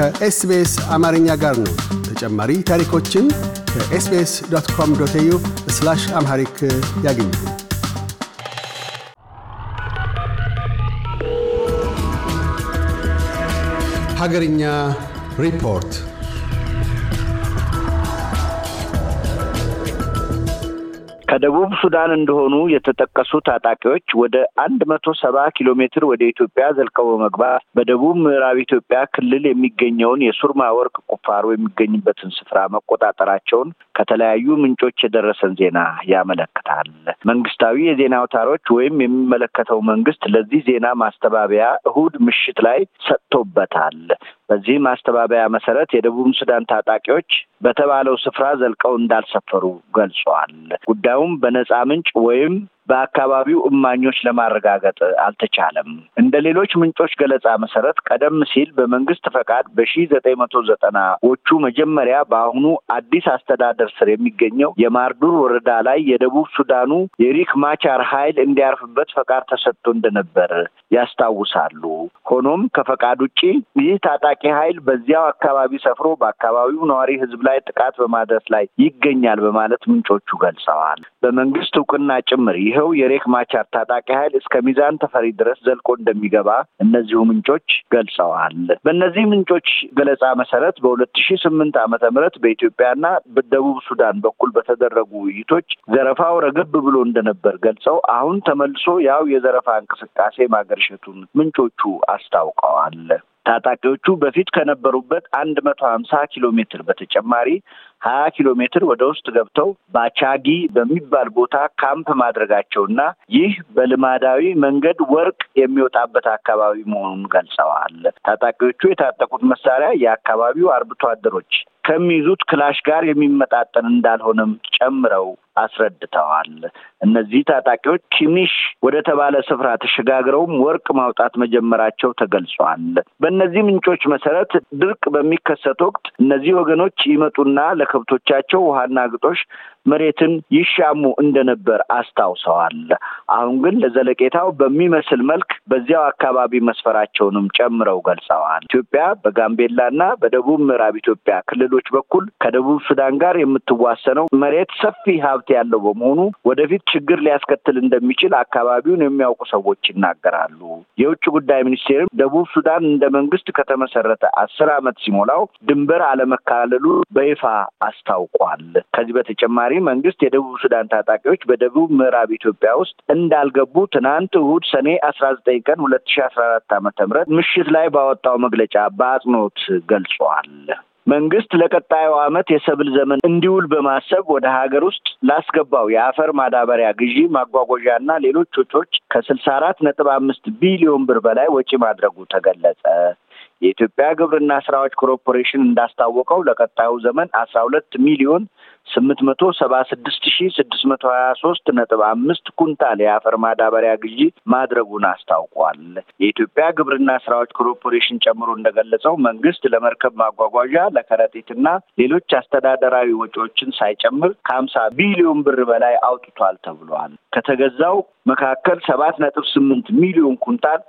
ከኤስቤስ አማርኛ ጋር ነው። ተጨማሪ ታሪኮችን ከኤስቤስ ዶት ኮም ዶት ኤዩ አምሃሪክ ያገኙ። ሀገርኛ ሪፖርት ከደቡብ ሱዳን እንደሆኑ የተጠቀሱ ታጣቂዎች ወደ አንድ መቶ ሰባ ኪሎ ሜትር ወደ ኢትዮጵያ ዘልቀው በመግባት በደቡብ ምዕራብ ኢትዮጵያ ክልል የሚገኘውን የሱርማ ወርቅ ቁፋሮ የሚገኝበትን ስፍራ መቆጣጠራቸውን ከተለያዩ ምንጮች የደረሰን ዜና ያመለክታል። መንግስታዊ የዜና አውታሮች ወይም የሚመለከተው መንግስት ለዚህ ዜና ማስተባበያ እሁድ ምሽት ላይ ሰጥቶበታል። በዚህ ማስተባበያ መሰረት የደቡብ ሱዳን ታጣቂዎች በተባለው ስፍራ ዘልቀው እንዳልሰፈሩ ገልጿል። ጉዳዩም በነፃ ምንጭ ወይም በአካባቢው እማኞች ለማረጋገጥ አልተቻለም። እንደ ሌሎች ምንጮች ገለጻ መሰረት ቀደም ሲል በመንግስት ፈቃድ በሺ ዘጠኝ መቶ ዘጠናዎቹ መጀመሪያ በአሁኑ አዲስ አስተዳደር ስር የሚገኘው የማርዱር ወረዳ ላይ የደቡብ ሱዳኑ የሪክ ማቻር ኃይል እንዲያርፍበት ፈቃድ ተሰጥቶ እንደነበር ያስታውሳሉ። ሆኖም ከፈቃድ ውጪ ይህ ታጣቂ ኃይል በዚያው አካባቢ ሰፍሮ በአካባቢው ነዋሪ ህዝብ ላይ ጥቃት በማድረስ ላይ ይገኛል በማለት ምንጮቹ ገልጸዋል። በመንግስት እውቅና ጭምር ይህ ይኸው የሬክ ማቻር ታጣቂ ኃይል እስከ ሚዛን ተፈሪ ድረስ ዘልቆ እንደሚገባ እነዚሁ ምንጮች ገልጸዋል። በእነዚህ ምንጮች ገለጻ መሰረት በሁለት ሺ ስምንት ዓመተ ምህረት በኢትዮጵያና በደቡብ ሱዳን በኩል በተደረጉ ውይይቶች ዘረፋው ረገብ ብሎ እንደነበር ገልጸው አሁን ተመልሶ ያው የዘረፋ እንቅስቃሴ ማገርሸቱን ምንጮቹ አስታውቀዋል። ታጣቂዎቹ በፊት ከነበሩበት አንድ መቶ ሀምሳ ኪሎ ሜትር በተጨማሪ ሀያ ኪሎ ሜትር ወደ ውስጥ ገብተው ባቻጊ በሚባል ቦታ ካምፕ ማድረጋቸውና ይህ በልማዳዊ መንገድ ወርቅ የሚወጣበት አካባቢ መሆኑን ገልጸዋል። ታጣቂዎቹ የታጠቁት መሳሪያ የአካባቢው አርብቶ አደሮች ከሚይዙት ክላሽ ጋር የሚመጣጠን እንዳልሆነም ጨምረው አስረድተዋል። እነዚህ ታጣቂዎች ኪኒሽ ወደ ተባለ ስፍራ ተሸጋግረውም ወርቅ ማውጣት መጀመራቸው ተገልጿል። በእነዚህ ምንጮች መሰረት ድርቅ በሚከሰት ወቅት እነዚህ ወገኖች ይመጡና ለከብቶቻቸው ውሃና ግጦሽ መሬትን ይሻሙ እንደነበር አስታውሰዋል። አሁን ግን ለዘለቄታው በሚመስል መልክ በዚያው አካባቢ መስፈራቸውንም ጨምረው ገልጸዋል። ኢትዮጵያ በጋምቤላና በደቡብ ምዕራብ ኢትዮጵያ ክልሎች በኩል ከደቡብ ሱዳን ጋር የምትዋሰነው መሬት ሰፊ ሀብት ያለው በመሆኑ ወደፊት ችግር ሊያስከትል እንደሚችል አካባቢውን የሚያውቁ ሰዎች ይናገራሉ። የውጭ ጉዳይ ሚኒስቴርም ደቡብ ሱዳን እንደ መንግስት ከተመሰረተ አስር ዓመት ሲሞላው ድንበር አለመካለሉ በይፋ አስታውቋል። ከዚህ በተጨማሪ መንግስት የደቡብ ሱዳን ታጣቂዎች በደቡብ ምዕራብ ኢትዮጵያ ውስጥ እንዳልገቡ ትናንት እሁድ ሰኔ አስራ ዘጠኝ ቀን ሁለት ሺ አስራ አራት ዓመተ ምህረት ምሽት ላይ ባወጣው መግለጫ በአጽንኦት ገልጿል። መንግስት ለቀጣዩ ዓመት የሰብል ዘመን እንዲውል በማሰብ ወደ ሀገር ውስጥ ላስገባው የአፈር ማዳበሪያ ግዢ፣ ማጓጓዣ እና ሌሎች ወጪዎች ከስልሳ አራት ነጥብ አምስት ቢሊዮን ብር በላይ ወጪ ማድረጉ ተገለጸ። የኢትዮጵያ ግብርና ስራዎች ኮርፖሬሽን እንዳስታወቀው ለቀጣዩ ዘመን አስራ ሁለት ሚሊዮን ስምንት መቶ ሰባ ስድስት ሺ ስድስት መቶ ሀያ ሶስት ነጥብ አምስት ኩንታል የአፈር ማዳበሪያ ግዢ ማድረጉን አስታውቋል። የኢትዮጵያ ግብርና ስራዎች ኮርፖሬሽን ጨምሮ እንደገለጸው መንግስት ለመርከብ ማጓጓዣ፣ ለከረጢትና ሌሎች አስተዳደራዊ ወጪዎችን ሳይጨምር ከሀምሳ ቢሊዮን ብር በላይ አውጥቷል ተብሏል። ከተገዛው መካከል ሰባት ነጥብ ስምንት ሚሊዮን ኩንታል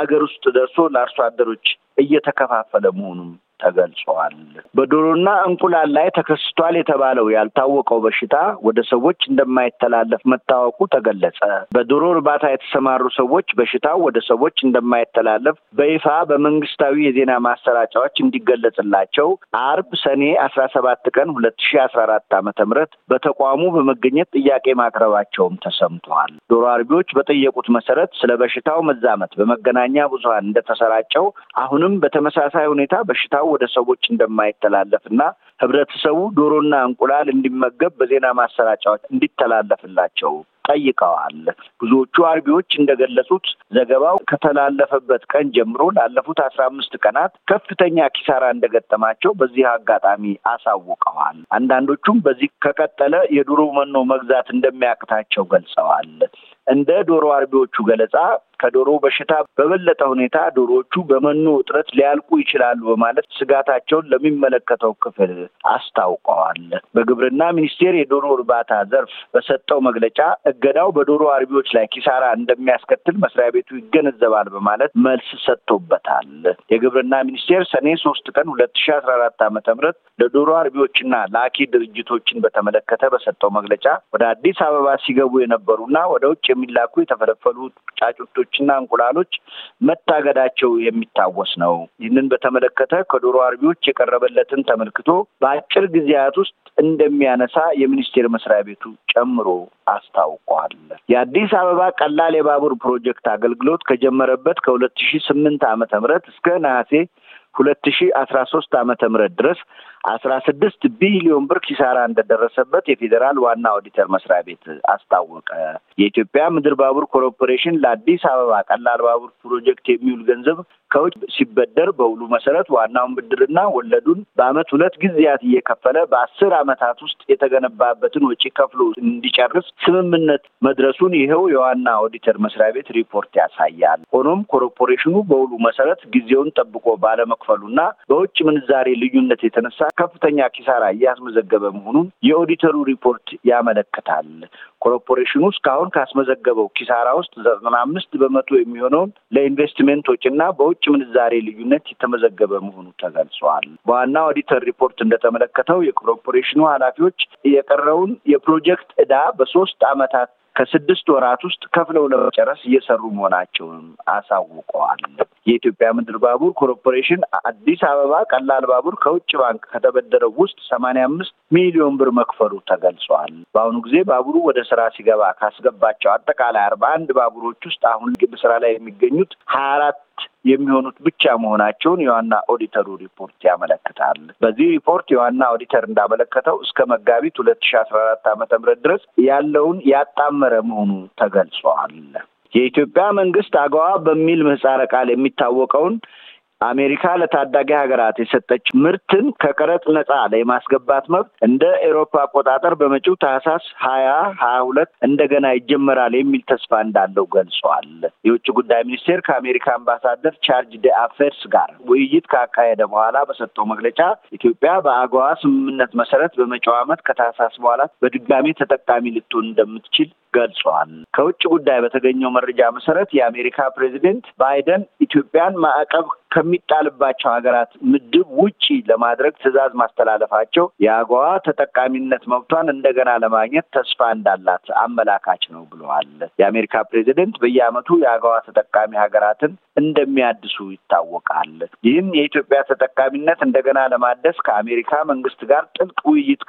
ሀገር ውስጥ ደርሶ ለአርሶ አደሮች እየተከፋፈለ መሆኑም ተገልጸዋል። በዶሮና እንቁላል ላይ ተከስቷል የተባለው ያልታወቀው በሽታ ወደ ሰዎች እንደማይተላለፍ መታወቁ ተገለጸ። በዶሮ እርባታ የተሰማሩ ሰዎች በሽታው ወደ ሰዎች እንደማይተላለፍ በይፋ በመንግስታዊ የዜና ማሰራጫዎች እንዲገለጽላቸው አርብ ሰኔ አስራ ሰባት ቀን ሁለት ሺ አስራ አራት ዓመተ ምህረት በተቋሙ በመገኘት ጥያቄ ማቅረባቸውም ተሰምተዋል። ዶሮ አርቢዎች በጠየቁት መሰረት ስለ በሽታው መዛመት በመገናኛ ብዙሀን እንደተሰራጨው አሁንም በተመሳሳይ ሁኔታ በሽታ መረጃው ወደ ሰዎች እንደማይተላለፍ እና ህብረተሰቡ ዶሮና እንቁላል እንዲመገብ በዜና ማሰራጫዎች እንዲተላለፍላቸው ጠይቀዋል። ብዙዎቹ አርቢዎች እንደገለጹት ዘገባው ከተላለፈበት ቀን ጀምሮ ላለፉት አስራ አምስት ቀናት ከፍተኛ ኪሳራ እንደገጠማቸው በዚህ አጋጣሚ አሳውቀዋል። አንዳንዶቹም በዚህ ከቀጠለ የዶሮ መኖ መግዛት እንደሚያቅታቸው ገልጸዋል። እንደ ዶሮ አርቢዎቹ ገለጻ ከዶሮ በሽታ በበለጠ ሁኔታ ዶሮዎቹ በመኖ እጥረት ሊያልቁ ይችላሉ በማለት ስጋታቸውን ለሚመለከተው ክፍል አስታውቀዋል። በግብርና ሚኒስቴር የዶሮ እርባታ ዘርፍ በሰጠው መግለጫ እገዳው በዶሮ አርቢዎች ላይ ኪሳራ እንደሚያስከትል መስሪያ ቤቱ ይገነዘባል በማለት መልስ ሰጥቶበታል። የግብርና ሚኒስቴር ሰኔ ሶስት ቀን ሁለት ሺ አስራ አራት ዓመተ ምህረት ለዶሮ አርቢዎችና ላኪ ድርጅቶችን በተመለከተ በሰጠው መግለጫ ወደ አዲስ አበባ ሲገቡ የነበሩና ወደ ውጭ የሚላኩ የተፈለፈሉ ጫጩቶች እና እንቁላሎች መታገዳቸው የሚታወስ ነው። ይህንን በተመለከተ ከዶሮ አርቢዎች የቀረበለትን ተመልክቶ በአጭር ጊዜያት ውስጥ እንደሚያነሳ የሚኒስቴር መስሪያ ቤቱ ጨምሮ አስታውቋል። የአዲስ አበባ ቀላል የባቡር ፕሮጀክት አገልግሎት ከጀመረበት ከሁለት ሺ ስምንት ዓመተ ምህረት እስከ ነሐሴ ሁለት ሺ አስራ ሶስት ዓመተ ምህረት ድረስ አስራ ስድስት ቢሊዮን ብር ኪሳራ እንደደረሰበት የፌዴራል ዋና ኦዲተር መስሪያ ቤት አስታወቀ። የኢትዮጵያ ምድር ባቡር ኮርፖሬሽን ለአዲስ አበባ ቀላል ባቡር ፕሮጀክት የሚውል ገንዘብ ከውጭ ሲበደር በውሉ መሰረት ዋናውን ብድርና ወለዱን በአመት ሁለት ጊዜያት እየከፈለ በአስር ዓመታት ውስጥ የተገነባበትን ወጪ ከፍሎ እንዲጨርስ ስምምነት መድረሱን ይኸው የዋና ኦዲተር መስሪያ ቤት ሪፖርት ያሳያል። ሆኖም ኮርፖሬሽኑ በውሉ መሰረት ጊዜውን ጠብቆ ባለመክፈሉና በውጭ ምንዛሬ ልዩነት የተነሳ ከፍተኛ ኪሳራ እያስመዘገበ መሆኑን የኦዲተሩ ሪፖርት ያመለክታል። ኮርፖሬሽኑ እስካሁን ካስመዘገበው ኪሳራ ውስጥ ዘጠና አምስት በመቶ የሚሆነውን ለኢንቨስትመንቶች እና በውጭ ምንዛሬ ልዩነት የተመዘገበ መሆኑ ተገልጿል። በዋና ኦዲተር ሪፖርት እንደተመለከተው የኮርፖሬሽኑ ኃላፊዎች የቀረውን የፕሮጀክት ዕዳ በሶስት ዓመታት ከስድስት ወራት ውስጥ ከፍለው ለመጨረስ እየሰሩ መሆናቸውን አሳውቀዋል። የኢትዮጵያ ምድር ባቡር ኮርፖሬሽን አዲስ አበባ ቀላል ባቡር ከውጭ ባንክ ከተበደረው ውስጥ ሰማንያ አምስት ሚሊዮን ብር መክፈሉ ተገልጿል። በአሁኑ ጊዜ ባቡሩ ወደ ስራ ሲገባ ካስገባቸው አጠቃላይ አርባ አንድ ባቡሮች ውስጥ አሁን ስራ ላይ የሚገኙት ሀያ አራት የሚሆኑት ብቻ መሆናቸውን የዋና ኦዲተሩ ሪፖርት ያመለክታል። በዚህ ሪፖርት የዋና ኦዲተር እንዳመለከተው እስከ መጋቢት ሁለት ሺ አስራ አራት ዓመተ ምህረት ድረስ ያለውን ያጣመረ መሆኑ ተገልጿል። የኢትዮጵያ መንግስት አገዋ በሚል ምህጻረ ቃል የሚታወቀውን አሜሪካ ለታዳጊ ሀገራት የሰጠች ምርትን ከቀረጥ ነጻ የማስገባት መብት እንደ ኤሮፓ አቆጣጠር በመጪው ታህሳስ ሀያ ሀያ ሁለት እንደገና ይጀመራል የሚል ተስፋ እንዳለው ገልጿል። የውጭ ጉዳይ ሚኒስቴር ከአሜሪካ አምባሳደር ቻርጅ ደ አፌርስ ጋር ውይይት ካካሄደ በኋላ በሰጠው መግለጫ ኢትዮጵያ በአገዋ ስምምነት መሰረት በመጪው ዓመት ከታህሳስ በኋላ በድጋሚ ተጠቃሚ ልትሆን እንደምትችል ገልጿል። ከውጭ ጉዳይ በተገኘው መረጃ መሰረት የአሜሪካ ፕሬዚደንት ባይደን ኢትዮጵያን ማዕቀብ ከሚጣልባቸው ሀገራት ምድብ ውጪ ለማድረግ ትዕዛዝ ማስተላለፋቸው የአገዋ ተጠቃሚነት መብቷን እንደገና ለማግኘት ተስፋ እንዳላት አመላካች ነው ብለዋል። የአሜሪካ ፕሬዚደንት በየዓመቱ የአገዋ ተጠቃሚ ሀገራትን እንደሚያድሱ ይታወቃል። ይህም የኢትዮጵያ ተጠቃሚነት እንደገና ለማደስ ከአሜሪካ መንግስት ጋር ጥልቅ ውይይት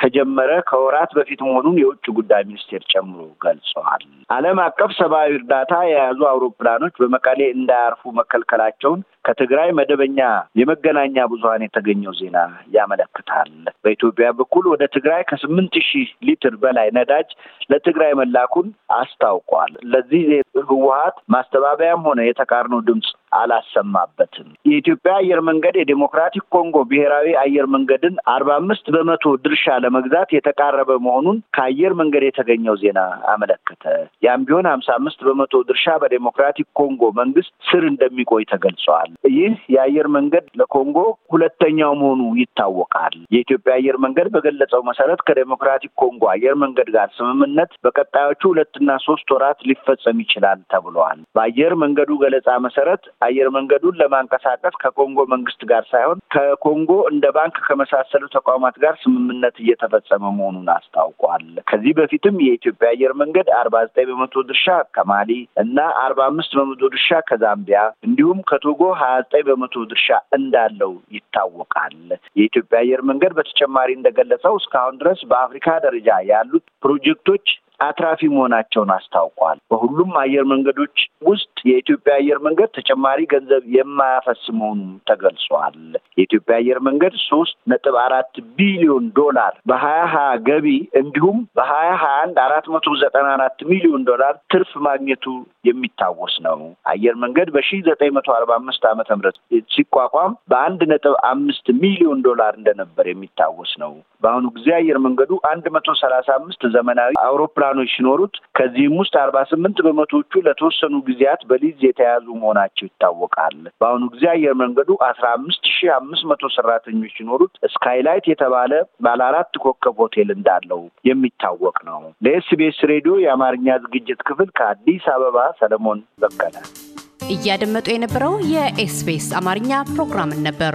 ከጀመረ ከወራት በፊት መሆኑን የውጭ ጉዳይ ሚኒስቴር ጨምሮ ገልጸዋል። ዓለም አቀፍ ሰብአዊ እርዳታ የያዙ አውሮፕላኖች በመቀሌ እንዳያርፉ መከልከላቸውን ከትግራይ መደበኛ የመገናኛ ብዙሀን የተገኘው ዜና ያመለክታል። በኢትዮጵያ በኩል ወደ ትግራይ ከስምንት ሺህ ሊትር በላይ ነዳጅ ለትግራይ መላኩን አስታውቋል። ለዚህ ህወሀት ማስተባበያም ሆነ የተቃርኖ ድምፅ አላሰማበትም። የኢትዮጵያ አየር መንገድ የዴሞክራቲክ ኮንጎ ብሔራዊ አየር መንገድን አርባ አምስት በመቶ ድርሻ ለመግዛት የተቃረበ መሆኑን ከአየር መንገድ የተገኘው ዜና አመለከተ። ያም ቢሆን ሀምሳ አምስት በመቶ ድርሻ በዴሞክራቲክ ኮንጎ መንግስት ስር እንደሚቆይ ተገልጿል። ይህ የአየር መንገድ ለኮንጎ ሁለተኛው መሆኑ ይታወቃል። የኢትዮጵያ አየር መንገድ በገለጸው መሰረት ከዴሞክራቲክ ኮንጎ አየር መንገድ ጋር ስምምነት በቀጣዮቹ ሁለትና ሶስት ወራት ሊፈጸም ይችላል ተብለዋል። በአየር መንገዱ ገለጻ መሰረት አየር መንገዱን ለማንቀሳቀስ ከኮንጎ መንግስት ጋር ሳይሆን ከኮንጎ እንደ ባንክ ከመሳሰሉ ተቋማት ጋር ስምምነት እየተፈጸመ መሆኑን አስታውቋል። ከዚህ በፊትም የኢትዮጵያ አየር መንገድ አርባ ዘጠኝ በመቶ ድርሻ ከማሊ እና አርባ አምስት በመቶ ድርሻ ከዛምቢያ እንዲሁም ከቶጎ ሀያ ዘጠኝ በመቶ ድርሻ እንዳለው ይታወቃል። የኢትዮጵያ አየር መንገድ በተጨማሪ እንደገለጸው እስካሁን ድረስ በአፍሪካ ደረጃ ያሉት ፕሮጀክቶች አትራፊ መሆናቸውን አስታውቋል። በሁሉም አየር መንገዶች ውስጥ የኢትዮጵያ አየር መንገድ ተጨማሪ ገንዘብ የማያፈስ መሆኑም ተገልጿል። የኢትዮጵያ አየር መንገድ ሶስት ነጥብ አራት ቢሊዮን ዶላር በሀያ ሀያ ገቢ እንዲሁም በሀያ ሀያ አንድ አራት መቶ ዘጠና አራት ሚሊዮን ዶላር ትርፍ ማግኘቱ የሚታወስ ነው። አየር መንገድ በሺ ዘጠኝ መቶ አርባ አምስት ዓመተ ምህረት ሲቋቋም በአንድ ነጥብ አምስት ሚሊዮን ዶላር እንደነበር የሚታወስ ነው። በአሁኑ ጊዜ አየር መንገዱ አንድ መቶ ሰላሳ አምስት ዘመናዊ አውሮፕላን አውሮፕላኖች ሲኖሩት ከዚህም ውስጥ አርባ ስምንት በመቶዎቹ ለተወሰኑ ጊዜያት በሊዝ የተያዙ መሆናቸው ይታወቃል። በአሁኑ ጊዜ አየር መንገዱ አስራ አምስት ሺ አምስት መቶ ሰራተኞች ሲኖሩት ስካይላይት የተባለ ባለ አራት ኮከብ ሆቴል እንዳለው የሚታወቅ ነው። ለኤስቢኤስ ሬዲዮ የአማርኛ ዝግጅት ክፍል ከአዲስ አበባ ሰለሞን በቀለ። እያደመጡ የነበረው የኤስቢኤስ አማርኛ ፕሮግራምን ነበር።